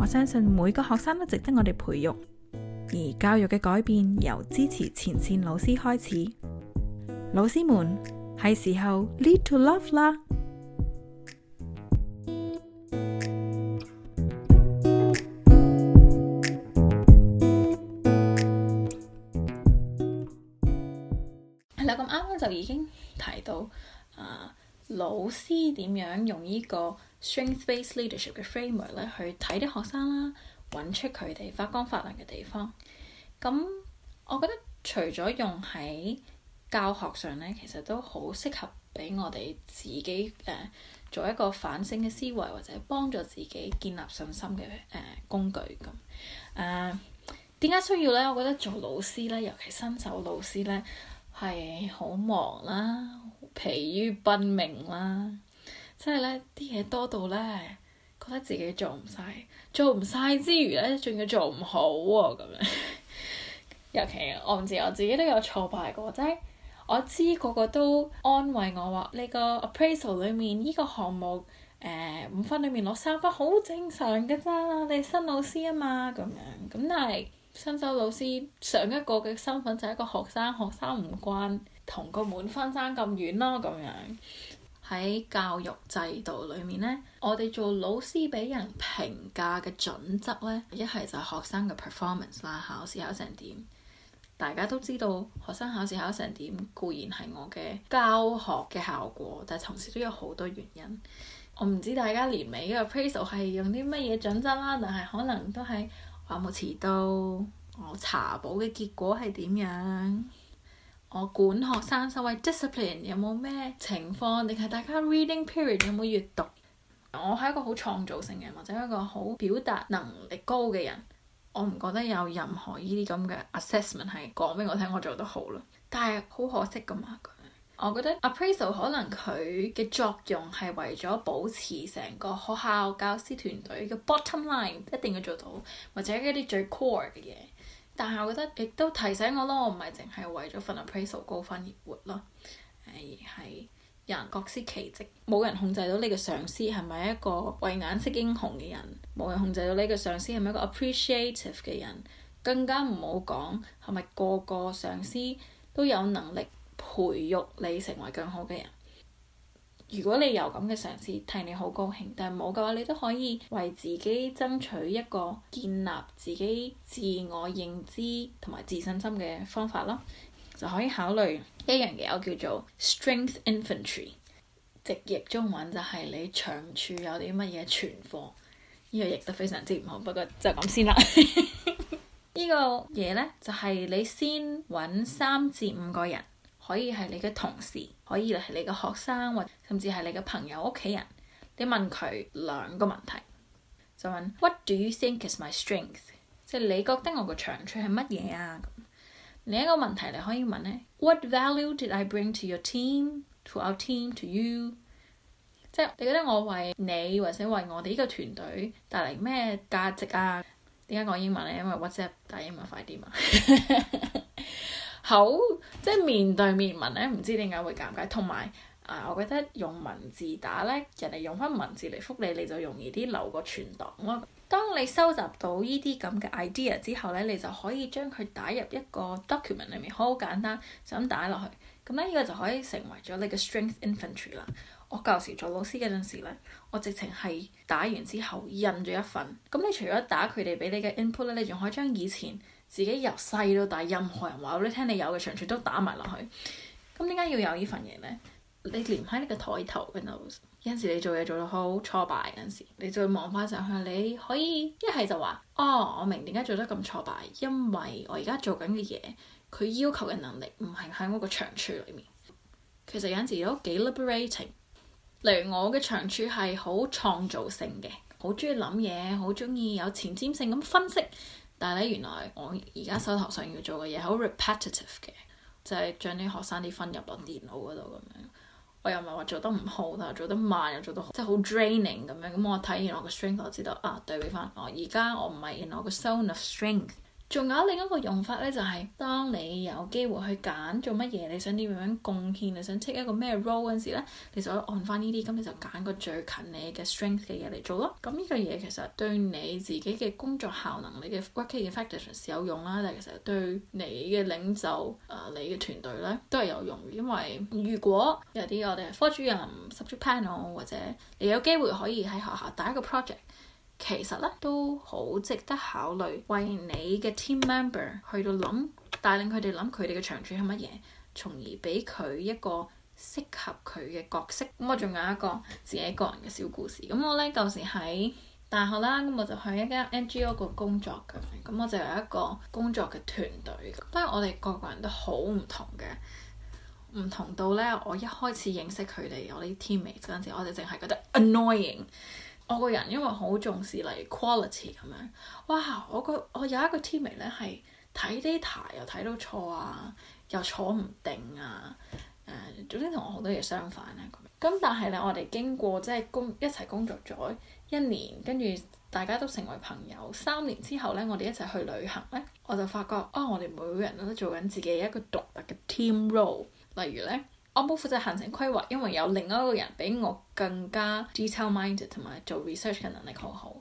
我相信每個學生都值得我哋培育，而教育嘅改變由支持前線老師開始。老師們係時候 lead to love 啦。Hello，咁啱啱就已經提到，呃，老師點樣用呢個？Strength-based leadership 嘅 framework 咧，去睇啲學生啦，揾出佢哋發光發亮嘅地方。咁，我覺得除咗用喺教學上咧，其實都好適合俾我哋自己誒、呃、做一個反省嘅思維，或者幫助自己建立信心嘅誒、呃、工具咁。誒，點解需要咧？我覺得做老師咧，尤其新手老師咧，係好忙啦，疲於奔命啦。即係咧，啲嘢多到咧，覺得自己做唔晒，做唔晒之餘咧，仲要做唔好喎，咁樣。 尤其我唔知我自己都有挫敗過，即係我知個個都安慰我話：你個 appraisal 裏面呢個項目誒，五分裏面攞三分，好正常㗎啦，你係新老師啊嘛，咁樣。咁但係新手老師上一個嘅身份就係一個學生，學生唔慣，同個滿分爭咁遠咯，咁樣。喺教育制度裏面呢，我哋做老師俾人評價嘅準則呢，一係就學生嘅 performance 啦，考試考成點，大家都知道學生考試考成點固然係我嘅教學嘅效果，但係同時都有好多原因。我唔知大家年尾嘅 appraisal 係用啲乜嘢準則啦，但係可能都係有冇遲到，我，有有到我查補嘅結果係點樣？我管學生所謂 discipline 有冇咩情況，定係大家 reading period 有冇閱讀？我係一個好創造性嘅或者一個好表達能力高嘅人，我唔覺得有任何呢啲咁嘅 assessment 係講俾我聽，我做得好啦。但係好可惜㗎嘛，我覺得 appraisal 可能佢嘅作用係為咗保持成個學校教師團隊嘅 bottom line 一定要做到，或者一啲最 core 嘅嘢。但係我覺得亦都提醒我咯，我唔係淨係為咗份 appraisal 高分而活咯。係，係人各司其職，冇人控制到你個上司係咪一個慧眼識英雄嘅人，冇人控制到你個上司係咪一個 appreciative 嘅人，更加唔好講係咪個個上司都有能力培育你成為更好嘅人。如果你有咁嘅嘗試，替你好高興；但係冇嘅話，你都可以為自己爭取一個建立自己自我認知同埋自信心嘅方法咯。就可以考慮一樣嘢，我叫做 strength inventory。直譯中文就係你長處有啲乜嘢存貨，呢個譯得非常之唔好，不過就咁先啦。呢 個嘢呢，就係你先揾三至五個人。可以係你嘅同事，可以係你嘅學生，或甚至係你嘅朋友、屋企人。你問佢兩個問題，就問 What do you think is my strength？即係你覺得我個長處係乜嘢啊？嗯、另一個問題你可以問咧：What value did I bring to your team, to our team, to you？即係你覺得我為你或者為我哋呢個團隊帶嚟咩價值啊？點解講英文呢？因為 WhatsApp 打英文快啲嘛、啊。 好，即係面對面問咧，唔知點解會尷尬。同埋啊，我覺得用文字打咧，人哋用翻文字嚟覆你，你就容易啲留個存檔咯。當你收集到呢啲咁嘅 idea 之後咧，你就可以將佢打入一個 document 裏面，好簡單就咁打落去。咁咧呢個就可以成為咗你嘅 strength infantry 啦。我舊時做老師嗰陣時咧，我直情係打完之後印咗一份。咁你除咗打佢哋俾你嘅 input 咧，你仲可以將以前，自己由細到大，任何人話俾你聽，你有嘅長處都打埋落去。咁點解要有份呢份嘢咧？你連喺你嘅台頭嗰度，有陣時你做嘢做到好挫敗，有陣時，時你再望翻上去，你可以一係就話：哦，我明點解做得咁挫敗，因為我而家做緊嘅嘢，佢要求嘅能力唔係喺我個長處裏面。其實有陣時都幾 liberating。例如我嘅長處係好創造性嘅，好中意諗嘢，好中意有前瞻性咁分析。但係咧，原來我而家手頭上要做嘅嘢好 repetitive 嘅，就係將啲學生啲分入落電腦嗰度咁樣。我又唔係話做得唔好啦，但做得慢又做得好，即係好 draining 咁樣。咁我睇完我個 strength，我知道啊，對比返、啊、我而家我唔係喺我個 zone of strength。仲有另一個用法咧，就係、是、當你有機會去揀做乜嘢，你想點樣樣貢獻，你想 take 一個咩 role 嗰陣時咧，你就去按翻呢啲，咁你就揀個最近你嘅 strength 嘅嘢嚟做咯。咁呢個嘢其實對你自己嘅工作效能、你嘅 working effectiveness 有用啦，但係其實對你嘅領袖啊、呃、你嘅團隊咧都係有用，因為如果有啲我哋科主任、subject panel 或者你有機會可以喺學校打一個 project。其實咧都好值得考慮，為你嘅 team member 去到諗，帶領佢哋諗佢哋嘅長處係乜嘢，從而俾佢一個適合佢嘅角色。咁、嗯、我仲有一個自己個人嘅小故事。咁、嗯、我咧舊時喺大學啦，咁、嗯、我就去一間 NGO 個工作㗎。咁、嗯嗯、我就有一個工作嘅團隊。當然我哋個個人都好唔同嘅，唔同到咧我一開始認識佢哋我啲 teammate 嗰陣時，我哋淨係覺得 annoying。我個人因為好重視嚟 quality 咁樣，哇！我個我有一個 team m e m e r 咧係睇 d 台，又睇到錯啊，又坐唔定啊，誒、呃，總之同我好多嘢相反咧咁。咁但係咧，我哋經過即係工一齊工作咗一年，跟住大家都成為朋友，三年之後咧，我哋一齊去旅行咧，我就發覺，哦，我哋每個人都做緊自己一個獨特嘅 team role，例如咧。我冇負責行程規劃，因為有另外一個人比我更加 detail minded 同埋做 research 嘅能力好好。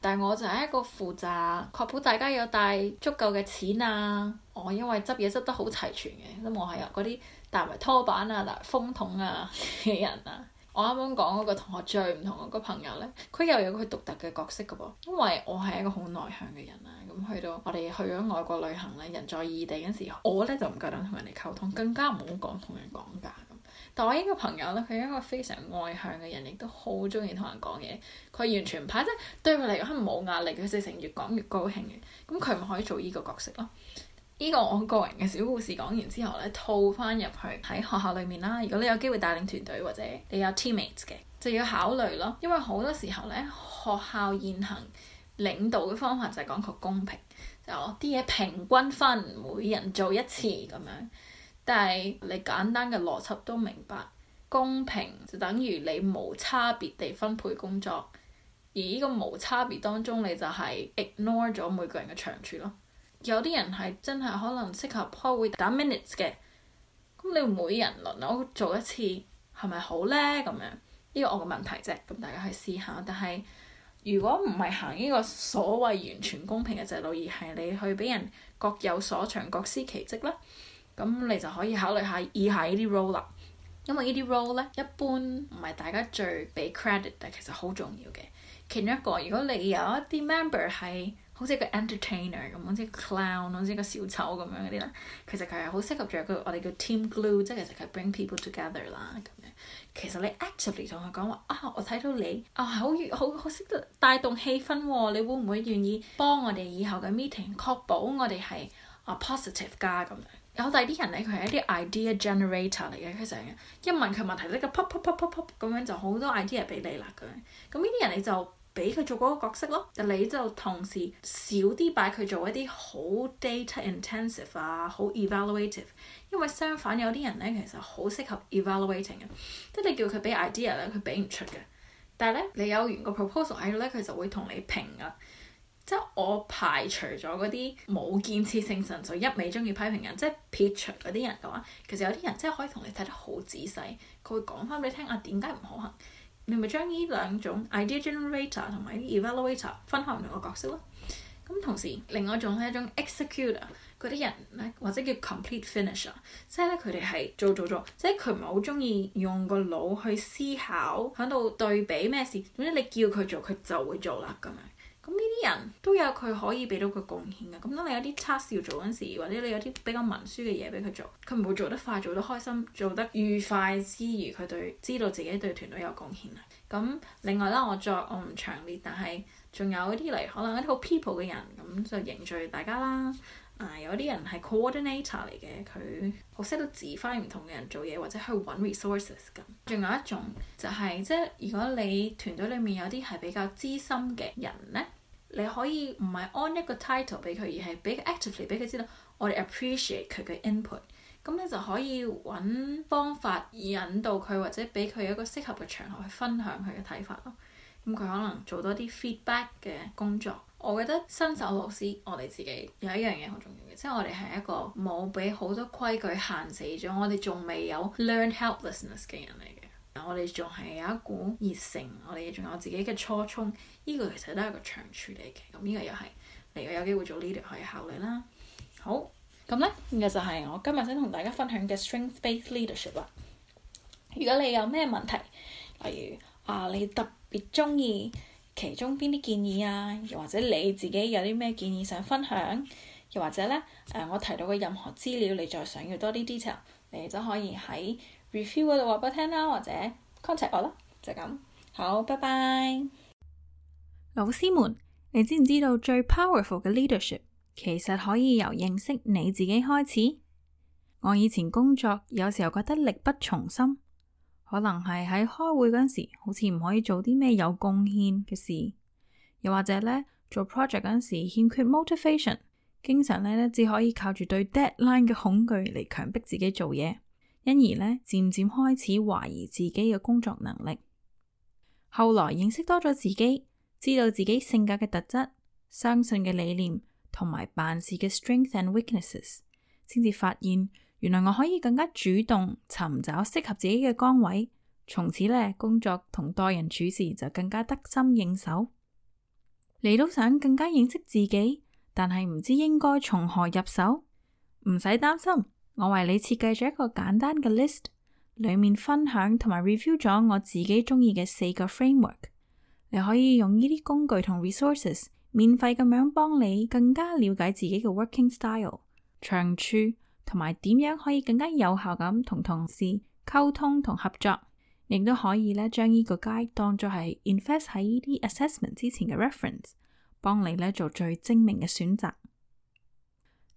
但係我就係一個負責確保大家有帶足夠嘅錢啊！我因為執嘢執得好齊全嘅，咁我係有嗰啲帶埋拖板啊、帶風筒啊嘅人啊。我啱啱講嗰個同學最唔同嗰個朋友咧，佢又有佢獨特嘅角色噶噃。因為我係一個好內向嘅人啊，咁去到我哋去咗外國旅行咧，人在異地嗰時，我咧就唔夠膽同人哋溝通，更加唔好講同人講價。但我呢個朋友咧，佢係一個非常外向嘅人，亦都好中意同人講嘢。佢完全唔怕，即係對佢嚟講冇壓力。佢直情越講越高興嘅。咁佢咪可以做呢個角色咯？呢個我個人嘅小故事講完之後咧，套翻入去喺學校裏面啦。如果你有機會帶領團隊或者你有 teammates 嘅，就要考慮咯。因為好多時候咧，學校現行領導嘅方法就係講求公平，就啲嘢平均分，每人做一次咁樣。但係你簡單嘅邏輯都明白，公平就等於你無差別地分配工作，而呢個無差別當中你就係 ignore 咗每個人嘅長處咯。有啲人係真係可能適合開會打 minutes 嘅，咁你每人輪流做一次係咪好咧？咁樣呢個我嘅問題啫，咁大家去試下。但係如果唔係行呢個所謂完全公平嘅制度，而係你去俾人各有所長，各司其職咧？咁你就可以考慮下以下呢啲 role 啦，因為呢啲 role 咧一般唔係大家最俾 credit，但其實好重要嘅。其中一個，如果你有一啲 member 係好似個 entertainer 咁，好似個 clown，好似個小丑咁樣嗰啲咧，其實佢係好適合做個我哋叫 team glue，即係其實佢 bring people together 啦。咁樣其實你 actively 同佢講話啊，我睇到你啊，好好好識得帶動氣氛喎、哦，你會唔會願意幫我哋以後嘅 meeting 確保我哋係啊 positive 加咁樣？有第二啲人咧，佢係一啲 idea generator 嚟嘅，佢成日一問佢問題呢，佢 pop pop pop pop pop 咁樣就好多 idea 俾你啦咁。咁呢啲人你就俾佢做嗰個角色咯，就你就同時少啲擺佢做一啲好 data intensive 啊，好 evaluative。因為相反有啲人咧，其實好適合 evaluating 嘅，即係你叫佢俾 idea 咧，佢俾唔出嘅。但係咧，你有完個 proposal 喺度咧，佢就會同你評啊。即係我排除咗嗰啲冇建設性神，純粹一味中意批評人，即係撇除嗰啲人嘅話，其實有啲人真係可以同你睇得好仔細，佢會講翻俾你聽，啊點解唔可行？你咪將呢兩種 idea generator 同埋 evaluator 分開唔同嘅角色咯。咁同時，另外一種係一種 executor 嗰啲人咧，或者叫 complete finisher，即係咧佢哋係做做做，即係佢唔係好中意用個腦去思考，響度對比咩事。總之你叫佢做，佢就會做啦咁樣。人都有佢可以俾到佢貢獻嘅，咁當你有啲測試要做嗰陣時，或者你有啲比較文書嘅嘢俾佢做，佢唔會做得快，做得開心，做得愉快之餘，佢對知道自己對團隊有貢獻啦。咁另外啦，我作我唔詳列，但係仲有啲嚟，可能一啲好 people 嘅人咁就凝聚大家啦。啊，有啲人係 coordinator 嚟嘅，佢好識得指揮唔同嘅人做嘢，或者去揾 resources。咁仲有一種就係、是，即係如果你團隊裡面有啲係比較資深嘅人咧。你可以唔係安一個 title 俾佢，而係俾佢 actively 俾佢知道，我哋 appreciate 佢嘅 input。咁你就可以揾方法引導佢，或者俾佢一個適合嘅場合去分享佢嘅睇法咯。咁佢可能做多啲 feedback 嘅工作。我覺得新手老師我哋自己有一樣嘢好重要嘅，即係我哋係一個冇俾好多規矩限死咗，我哋仲未有 learn helplessness 嘅人嚟嘅。我哋仲係有一股熱誠，我哋仲有自己嘅初衷，呢、呢個其實都係一個長處嚟嘅。咁呢個又係嚟到有機會做 leader 可以考慮啦。好，咁咧呢個就係我今日想同大家分享嘅 Strength-based Leadership。如果你有咩問題，例如啊，你特別中意其中邊啲建議啊，又或者你自己有啲咩建議想分享，又或者咧誒、啊、我提到嘅任何資料，你再想要多啲 detail，你就可以喺～review 嗰度話畀我聽啦，或者 contact 我啦，就咁。好，拜拜。老師們，你知唔知道最 powerful 嘅 leadership 其實可以由認識你自己開始？我以前工作有時候覺得力不從心，可能係喺開會嗰陣時，好似唔可以做啲咩有貢獻嘅事，又或者呢，做 project 嗰陣時欠缺 motivation，經常呢只可以靠住對 deadline 嘅恐懼嚟強迫自己做嘢。因而呢，漸漸開始懷疑自己嘅工作能力。後來認識多咗自己，知道自己性格嘅特質、相信嘅理念同埋辦事嘅 strengths and weaknesses，先至發現原來我可以更加主動尋找適合自己嘅崗位。從此呢，工作同待人處事就更加得心應手。你都想更加認識自己，但係唔知應該從何入手？唔使擔心。我為你設計咗一個簡單嘅 list，裏面分享同埋 review 咗我自己中意嘅四個 framework。你可以用呢啲工具同 resources，免費咁樣幫你更加了解自己嘅 working style、長處同埋點樣可以更加有效咁同同事溝通同合作，亦都可以咧將呢個 guide 當作係 invest 喺呢啲 assessment 之前嘅 reference，幫你咧做最精明嘅選擇。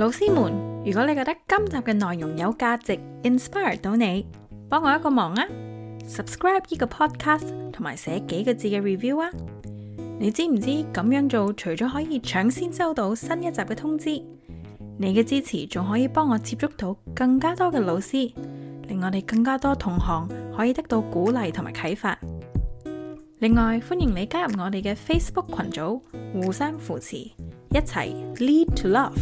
老師們，如果你覺得今集嘅內容有價值，inspire 到你，幫我一個忙啊！subscribe 呢個 podcast，同埋寫幾個字嘅 review 啊！你知唔知咁樣做，除咗可以搶先收到新一集嘅通知，你嘅支持仲可以幫我接觸到更加多嘅老師，令我哋更加多同行可以得到鼓勵同埋啟發。另外，歡迎你加入我哋嘅 Facebook 群組，互相扶持，一齊 lead to love。